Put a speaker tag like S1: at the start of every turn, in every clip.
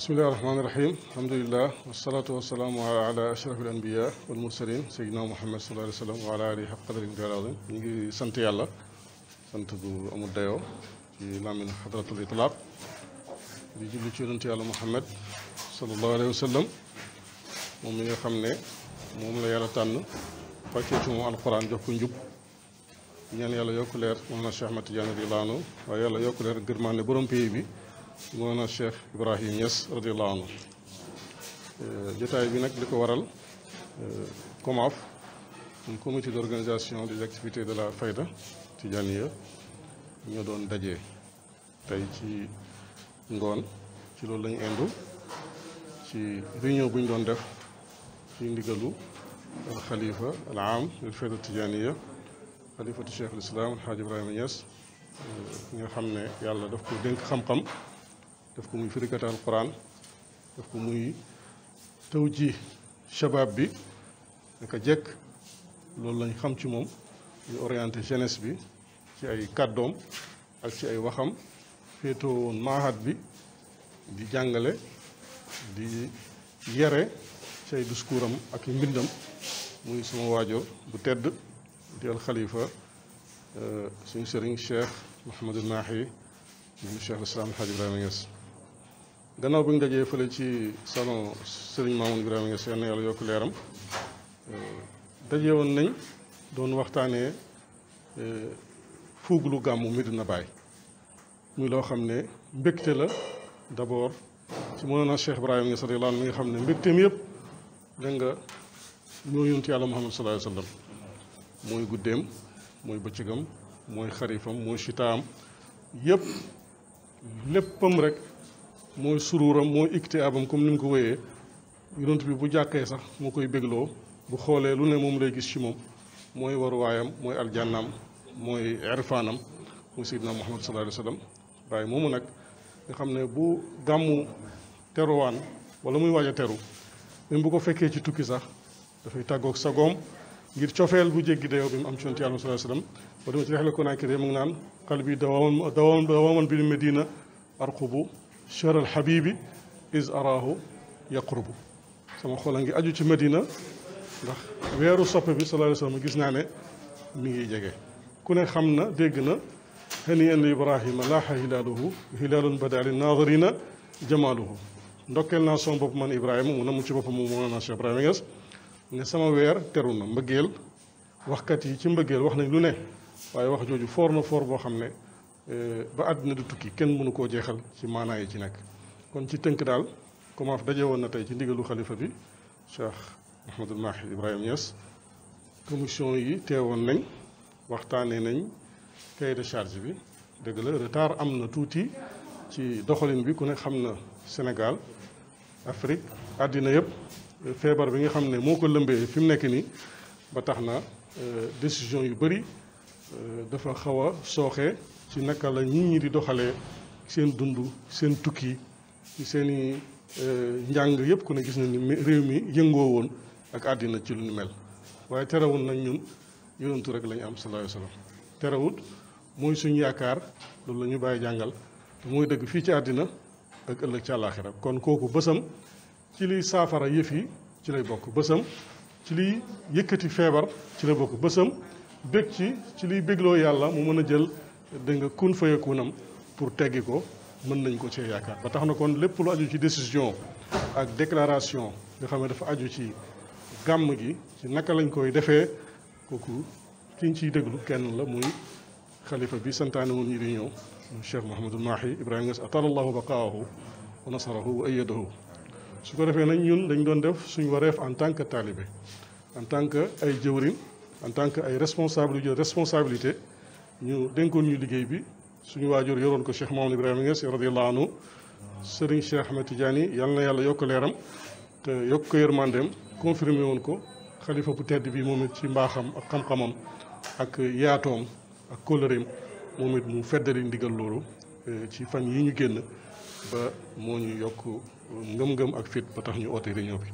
S1: bismillahi rahmaani rahim alhamdulilah wasalaatu wasalaamu ala ashrafil anbiya wal mursalin seydina muhammad sallallahu alayhi wa sallam wa ala alihi haqq qadrihi wa azim ñu ngi sant yàlla sant gu amul dayoo ci làmmin xadratul itlaaq di julli ci yonent yàlla muhammad sallallahu alayhi wa sallam moom mi nga xam ne moom la yàlla tànn wàccee ci moom alquran jox ko njub ñaan yàlla yokku leer moom na Cheikh Ahmad Tidiane radiyallahu anhu waaye yàlla yokku leer gërmaan ne borom pays bi moona Cheikh Ibrahim Niass radiallahu anhu euh, jotaay bi nag li ko waral euh, COMAF un comité d'organisation des activités de la Fayda Tidianiya ñoo doon daje tey ci ngoon ci loolu lañu indu ci réunion bu ñu doon def ci ndigalu al xalifa al am lil Fayda Tidianiya xalifatu Cheikh al Islam alxaaj Ibrahima Niass euh, nga xam ne yàlla daf ko dénk xam-xam def ko muy firikata alquran def ko muy taw ji shabab bi naka jekk loolu lañ xam ci moom ñu orienté jeunesse bi ci ay kàddoom ak ci ay waxam féetoo woon maahat bi di jàngale di yere ci ay discours ak mbindam muy sama waajur bu tedd di al xalifa euh, suñu sëriñ cheikh Mouhamadul Mahi ibnu cheikh al islam alhaj Ibrahima Niass gannaaw bi ñu dajee fële ci salon Serigne Mamoun Birame Niass yal na yàlla yokk leeram euh, daje woon nañ doon waxtaanee euh, fuuglu gàmmu Medina Baye muy loo xam ne mbégte la d'abord ci Mawlana Cheikh Ibrahima Niass radiyallahu anhu mi nga xam ne mbégteem yëpp da nga ñoo yonent yàlla Muhammad sallallahu alayhi wa sallam mooy guddeem mooy bëccëgam mooy xarifam mooy sitaam yëpp léppam rek mooy suruuram mooy ikkite abam comme ni mu ko wéyee yonent bi bu jàkkee sax moo koy bégloo bu xoolee lu ne moom lay gis ci moom mooy waruwaayam mooy aljannaam mooy erfaanam mooy sayyidina Muhammad sallallahu alayhi wa sallam waaye moomu nag xam ne bu gàmmu teruwaan wala muy waaj a teru même ko fekkee ci tukki sax dafay tàggoog sagoom ngir cofeel bu jéggi dayoo bi mu am ci yonent yàlla sallallahu alayhi wa sallam ba dama ci rexle ko naakiré mu ngi naan xal bi dawaman dawaman bi medina arqubu cheral habibi is arahu yaqrubu sama xol a ngi aju ci madina ndax weeru soppe bi sallallahu alayhi wasallam gis naa ne mu ngi jege ku ne xam na dégg na haniyan li ibrahima laaha hilaaluhu hilaalun badaali naadirina jamaaluhu ndokkeel naa son bopp man ibrahima mu na mu ci boppam mu mën naa Cheikh Ibrahima Niass ne sama weer teru na mbëggeel waxkat yi ci mbëggeel wax nañ lu ne waaye wax jooju foor na foor boo xam ne Eh, ba àdduna du tukki kenn mënu koo jeexal ci maanaa yi ci nekk kon ci tënk daal commence daje woon na tey ci ndigalu xalifa bi Cheikh Mouhamadul Mahi Ibrahima Niass commission yi teewoon nañ waxtaanee nañ cahier de charge bi dëgg la retard am na tuuti ci doxalin bi ku ne xam na Sénégal Afrique àddina yëpp eh, feebar bi nga xam ne moo ko lëmbee fi mu nekk nii ba tax na eh, décision yu bëri dafa xaw a sooxee ci naka la ñii ñi di doxalee seen dund seen tukki seen seeni euh, njàng yëpp ko ne gis na ni réew mi yëngoo woon ak àddina ci lu ñu mel waaye terewul nañ ñun yonantu rek la am sallallahu alayhi wasallam terewut mooy suñu yaakaar loolu la ñu bàyyi jàngal te mooy dëgg fii ci àddina ak ëllëg ci àllaaxira kon kooku bësam ci liy saafara yëf yi ci lay bokk bësam ci liy yëkkati feebar ci lay bokk bësam bég ci ci liy bégloo yàlla mu mën a jël da nga kun fayakunam pour teggi ko mën nañ ko cee yaakaar ba tax na kon lépp lu aju ci décision ak déclaration nga xam ne dafa aju ci gàmm gi ci naka lañ koy defee kooku ki ñu ciy déglu kenn la muy xalifa bi santaane woon ñi di ñëw mu Cheikh Mouhamadul Mahi Ibrahima Niass atalallahu baqaahu wa nasarahu wa ayyadahu su ko defee nag ñun dañ doon def suñu wareef en tant que talibé en tant que ay jëwrin en tant que ay responsable responsabilité ñu dénkoon ñu liggéey bi suñu waajur yoroon ko Cheikh Mamadou Ibrahima Niass radiyallahu anhu sëriñ Cheikh Ahmed Tidiane yal na yàlla yokk leeram te yokk ko yërmandeem confirmé woon ko xalifa bu tedd bi moom it ci mbaaxam ak xam-xamam ak yaatoom ak kóllëreem moom it mu feddali ndigal loolu eh, ci fan yi ñu génn ba moo ñu yokk ngëm-ngëm ak fit ba tax ñu oote réunion bi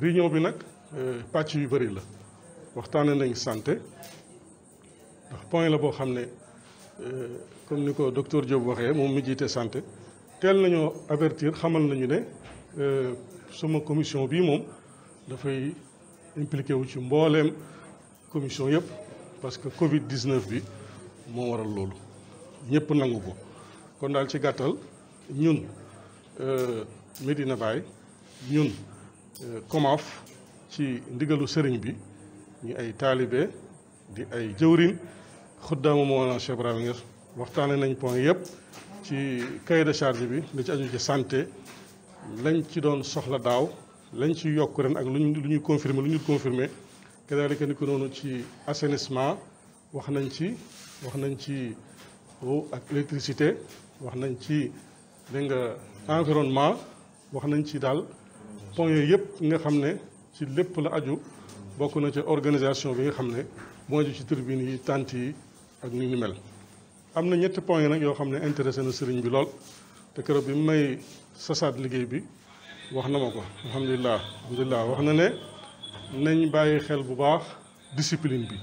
S1: réunion bi nag eh, pàcc yu bëri la waxtaane nañ santé ndax point la boo xam ne euh, comme ni ko docteur Diop waxee moom mi jiite santé teel nañoo avertir xamal nañu ne euh, suma commission bii moom dafay impliqué wu ci mbooleem commission yëpp parce que Covid 19 bi moo waral loolu ñëpp nangu ko kon daal ci gàttal ñun euh, Medina Baye ñun COMAF ci ndigalu sëriñ bi ñu ay taalibe di ay jëwrin xuddaamu Mawlana Cheikh Ibrahima Niass waxtaane nañ point yëpp ci cahier de charge bi li ci aju ci santé lañ ci doon soxla daaw lañ ci yokk ren ak lu ñu lu ñuy confirmer lu ñu confirmer kadaalika ni ko noonu ci assainissement wax nañ ci wax nañ ci eau ak électricité wax nañ ci dégg nga environnement wax nañ ci daal point yooyu yëpp nga xam ne ci lépp la aju bokk na ci organisation bi nga xam ne moo aju ci turbine yi tente yi ak ni ñu mel am na ñetti point nag yoo xam ne intéressé na sëriñ bi lool te keroog bi mu may sasaat liggéey bi wax na ma ko alhamdulilah alhamdulilah wax na ne nañ bàyyi xel bu baax discipline bi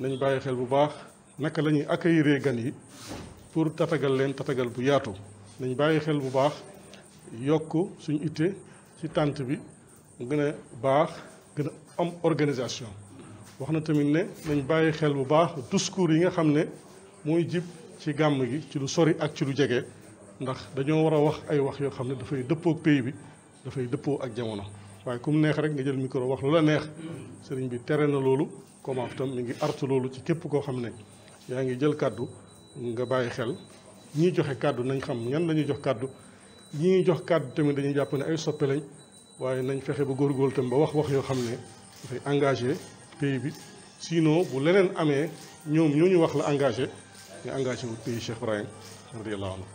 S1: nañ bàyyi xel bu baax naka lañuy ñuy accueillir gan yi pour tatagal leen tatagal bu yaatu nañ bàyyi xel bu baax yokk suñu itte ci tànt bi mu gën a baax gën a am organisation wax na tamit ne nañ bàyyi xel bu baax discours yi nga xam ne mooy jib ci gàmm gi ci lu sori ak ci lu jege ndax dañoo war a wax ay wax yoo xam ne dafay dëppook pays bi dafay dëppoo ak jamono waaye ku mu neex rek nga jël micro wax lu la neex sëriñ bi tere na loolu COMAF tam mi ngi artu loolu ci képp koo xam ne yaa ngi jël kàddu nga bàyyi xel ñi joxe kàddu nañ xam ñan lañuy jox kàddu ñi ñuy jox kàddu tamit dañuy jàpp ne ay soppe lañ waaye nañ fexe ba góor góor tam ba wax wax yoo xam ne dafay engagé pays bi sinon bu leneen amee ñoom ñoo ñu wax la engagé ñu engagé wu pays Cheikh Ibrahim radiyallahu anhu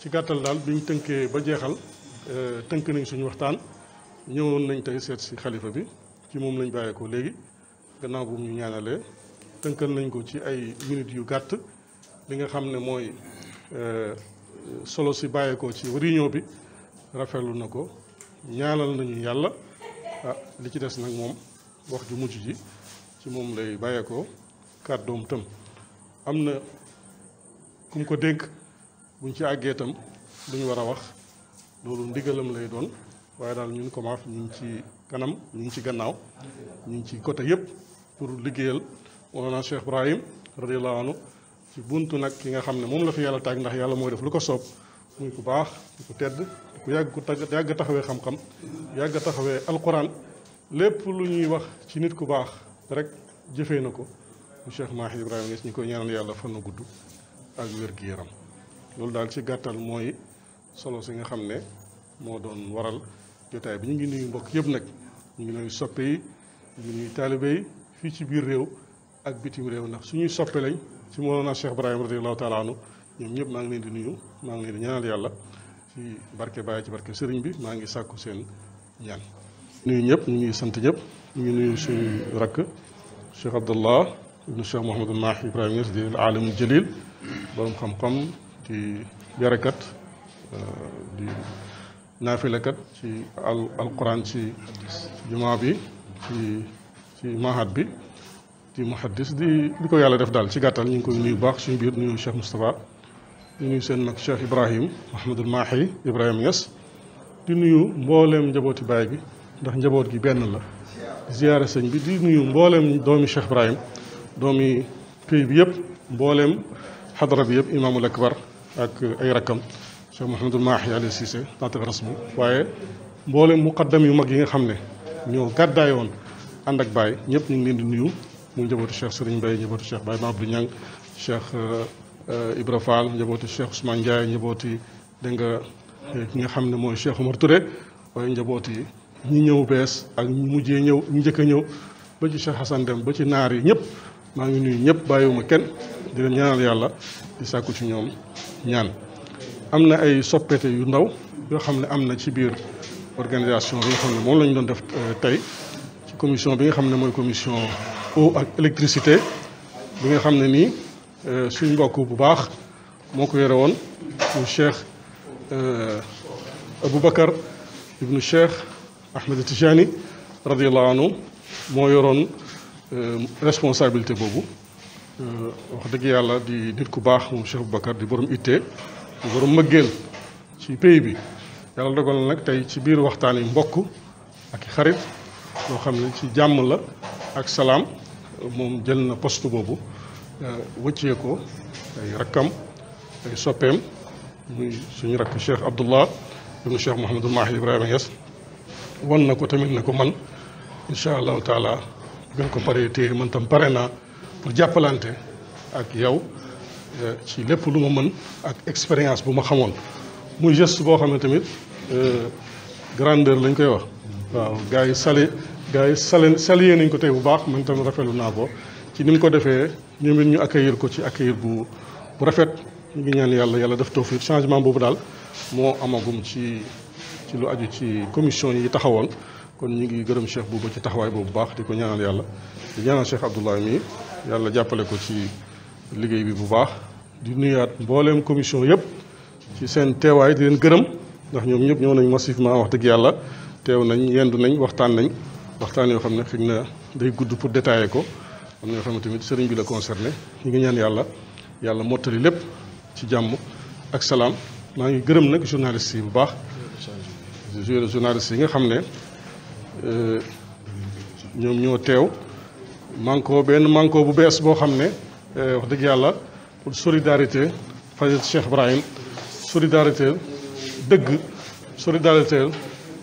S1: ci gàttal daal bi ñu tënkee ba jeexal euh, tënk nañ suñu waxtaan ñëwoon nañ tey seet si xalifa bi ci moom lañ bàyyeekoo léegi gannaaw bu ñu ñaanale tënkal nañ ko ci ay minutes yu gàtt li nga xam ne mooy euh, solo si bàyyeekoo ci réunion bi rafetlu na ko ñaanal nañu yàlla ah li ci des nag moom wax ju mujj ji ci moom lay bàyyeekoo kàddoom tam am na ku ko dénk buñ ci àggee tam lu ñu war a wax loolu ndigalam lay doon waaye daal ñun commence ñu ci kanam ñu ngi ci gannaaw ñu ngi ci côté yëpp pour liggéeyal Mawlana Cheikh Ibrahim radiyallahu anhu ci bunt nag ki nga xam ne moom la fi yàlla tàgg ndax yàlla mooy def lu ko soob muy ku baax di ku tedd di ku yàgg ku yàgg taxawee xam-xam yàgg taxawee alquran lépp lu ñuy wax ci nit ku baax rek jëfee na ko mu Cheikh Mahi Ibrahima Niass ñu koy ñaanal yàlla fan na gudd ak wér-gu-yaram loolu daal ci gàttal mooy solo si nga xam ne moo doon waral jotaay bi ñu ngi nuyu mbokk yëpp nag ñu ngi nuyu soppe yi ñu ngi nuyu yi fii ci biir réew ak bitim réew ndax suñuy soppe lañ ci Mawlana Cheikh Ibrahima radiyallahu taala anhu ñoom ñëpp maa ngi leen di nuyu maa ngi leen di ñaanal yàlla ci barke Baye ci barke sëriñ bi maa ngi sàkku seen ñaan nuyu ñëpp ñu ngi sant ñëpp ñu ngi nuyu suñu rakk Cheikh Abdallah ibnu Cheikh Mouhamadou Mahi euh, ci al alquran ci jumaa bi ci ci mahad bi ci muhaddis di di ko yàlla def daal ci gàttal ñu ngi koy baax suñu biir nuyu Cheikh Moustapha di nuyu seen mag Cheikh Ibrahim Mouhamadou di nuyu mbooleem njabooti baay bi ndax njaboot gi benn la ziyaara sëñ bi di nuyu mbooleem doomi Cheikh Ibrahim doomi pays bi yëpp mbooleem xadara bi yëpp imaamul akbar ak ay rakkam Cheikh Mouhamadul Mahi Ali Cissé naatiq rasmi waaye mbooleem muqaddam yu mag yi nga xam ne ñoo gàddaayoon ànd ak baay ñëpp ñu ngi leen di nuyu mu njabootu Cheikh Serigne Mbaye njabootu Cheikh Baye Mabdou Niang Cheikh euh, Ibra Fall njabootu Cheikh Ousmane Ndiaye njabooti dégg nga ki nga xam ne mooy Cheikh Omar Touré waaye njabooti ñi ñëw bees ak ñi mujjee ñëw ñi njëkk a ñëw ba ci Cheikh Hassan Deme ba ci naar yi ñëpp maa ngi nuyu ñëpp bàyyiwuma kenn di leen ñaanal yàlla di sàkku ci ñoom ñaan am na ay soppete yu ndaw yoo xam ne am na ci biir organisation bi nga xam ne moom la doon def euh, tey ci bi nga xam ne mooy commission eau ak électricité bi nga xam ne nii euh, suñ mbokk bu baax moo ko yore woon mu Cheikh euh, Aboubacar ibnu Cheikh Ahmed Tijaani radiallahu anhu moo yoroon euh, responsabilité boobu euh, wax dëgg yàlla di nit ku baax moom Cheikh Boubacar di borom ittee di borom mëggeel ci pays bi yàlla dogal nag tey ci biir waxtaan yi mbokk ak xarit loo xam ne ci jàmm la ak salaam moom jël na poste boobu euh, wëccee ko ay rakkam ay soppeem muy suñu rakk Cheikh Abdullah ibnu Cheikh Mouhamadul Mahi Ibrahima Niass wan na ko tamit ne ko man incha allahu taala gën ko pare téye man tam pare naa pour jàppalante ak yow eh, ci lépp lu ma mën ak expérience bu ma xamoon mu geste boo xam ne tamit eh, grandeur lañ koy wax waaw gars yi sali gars yi sali salué nañ ko tey bu baax man tam rafetlu naa ko ci ni mu ko defee ñoom it ñu accueillir ko ci accueillir bu bu rafet mu ngi ñaan yàlla yàlla def fii changement boobu daal moo amagum ci ci lu aju ci commission yi taxawoon kon ñu ngi gërëm cheikh boobu ci taxawaay boobu baax di ko ñaanal yàlla di ñaanal cheikh Abdoulaye mi yàlla jàppale ko ci liggéey bi bu baax di nuyaat mboolem commission yëpp ci seen teewaay di leen gërëm ndax ñoom ñëpp ñëw nañ massivement wax dëgg yàlla teew nañ yendu nañ waxtaan nañ waxtaan yoo xam ne xëy na day gudd pour détailler ko am na yoo xam ne tamit sëriñ bi la concerné ñu ngi ñaan yàlla yàlla mottali lépp ci jàmm ak maa ngi gërëm nag journaliste yi bu baax journaliste yi nga xam ne euh, ñoom ñoo teew manko benn manko bu bees boo xam ne euh, wax dëgg yàlla pour solidarité fajat Cheikh Ibrahim solidarité dëgg solidarité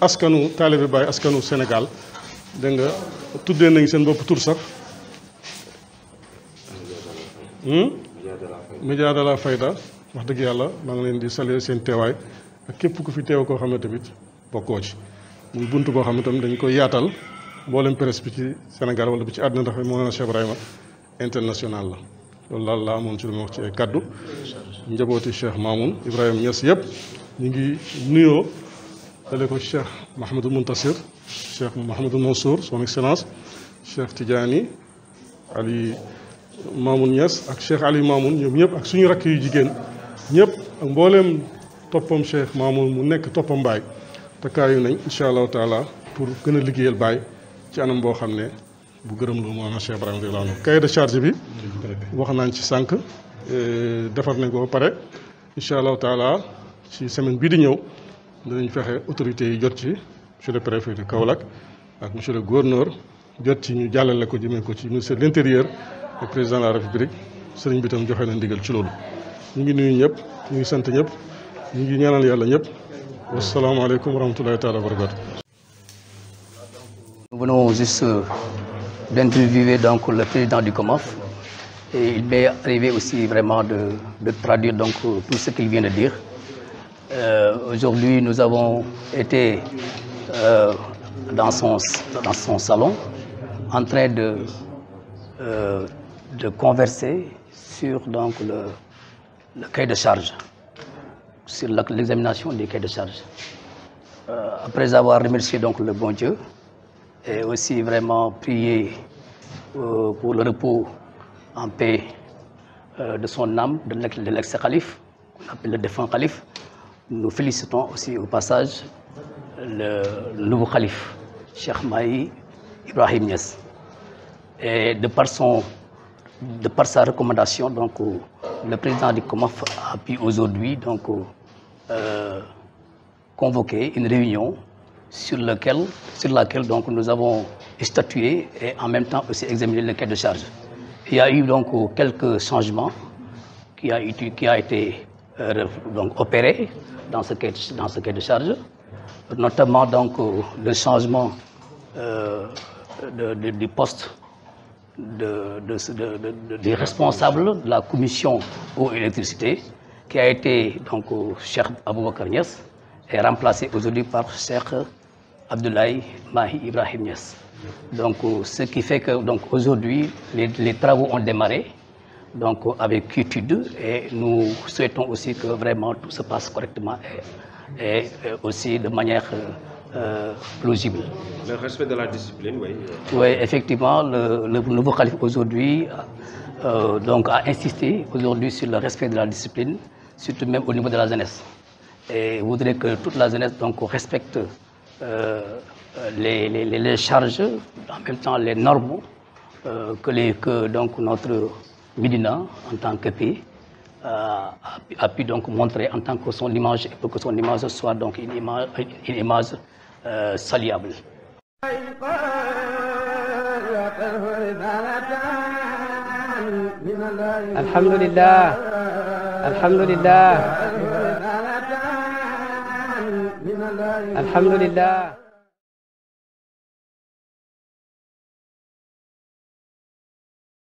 S1: askanu taalibe Baay askanu Sénégal dégg nga tuddee nañ seen bopp tur sax hmm? média de la fayda wax dëgg yàlla maa ngi leen di saluer seen teewaay ak képp ku fi teew koo xam ne tamit bokkoo ci muy bunt boo xam ne tamit dañ koy yaatal mboolem presse bi ci Sénégal wala bi ci àddina ndax moo naan Cheikh Ibrahima international la loolu ci lu wax ci ay kaddu njabooti Cheikh Mamoun Ibrahima Niass yëpp ñu ngi nuyoo dale ko Cheikh Mahamadou Muntasir Cheikh Mahamadou Mansour son excellence Cheikh Tidiane Ali Mamoun Niass ak Cheikh Ali Mamoun ñoom ñëpp ak suñu rakk yu jigéen ñëpp ak mbooleem toppam Cheikh Mamoun mu nekk toppam baay takkaayu nañ incha allahu taala pour gën a liggéeyal Baye ci anam boo xam ne bu gërëm lu moom Cheikh Ibrahima radiyallahu anhu cahier de charge bi wax naan ci sànq eh, defar nañ ko ba pare incha allahu taala ci semaine bii di ñëw dinañ fexe autorités yi jot ci monsieur le préfet de ak monsieur le gouverneur jot ci ñu jàllale ko jëmee ko ci ministère de l'intérieur ak président de la république sëriñ bi tam joxe na ndigal ci loolu mu ngi nuyu ñëpp mu ngi sant ñëpp ñu ngi ñaanal yàlla ñëpp wasalaamaaleykum wa rahmatulahi taala Nous venons
S2: juste euh, d'interviewer donc le président du COMOF et il m'est arrivé aussi vraiment de, de traduire donc euh, tout ce qu'il vient de dire. Euh, aujourd'hui, nous avons été dans, son, dans son salon en train de, de converser sur donc, le, le de charge. sur l'examination des cahiers de charge. Euh, après avoir remercié donc le bon Dieu et aussi vraiment prié euh, pour le repos en paix euh, de son âme, de l'ex-calife, qu'on appelle le défunt calife, nous félicitons aussi au passage le, le nouveau calife, Cheikh Mahi Ibrahim Niass. Et de par son de par sa recommandation, donc, euh, le président du COMAF a pu aujourd'hui donc, euh, euh, convoquer une réunion sur, lequel, sur laquelle donc, nous avons statué et en même temps aussi examiné le cas de charge. Il y a eu donc euh, quelques changements qui a, été, qui donc, opéré dans ce, cas, dans ce de charge, notamment donc, le changement euh, du poste de, de, de, des responsables de la commission eau et électricité qui a été donc Cheikh Aboubacar Niass est remplacé aujourd'hui par Cheikh Abdoulaye Mahi Ibrahim Niass. Donc euh, ce qui fait que donc aujourd'hui les, les, travaux ont démarré donc avec quiétude et nous souhaitons aussi que vraiment tout se passe correctement et, et, et aussi de manière euh, Euh, plausible. Le respect la discipline, oui. effectivement, le, le nouveau calife aujourd'hui euh, donc a insisté aujourd'hui sur le respect de la discipline, surtout même au niveau de la jeunesse. Et voudrait que toute la jeunesse donc respecte euh, les, les, les, charges, en même temps les normes que, notre Médina, en tant que pays, a, a, pu donc montrer en tant que son image, pour que soit donc une image saliable. alhamdulillah alhamdulillah alhamdulillah.